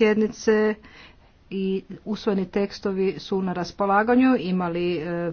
sjednice i usvojeni tekstovi su na raspolaganju imali e,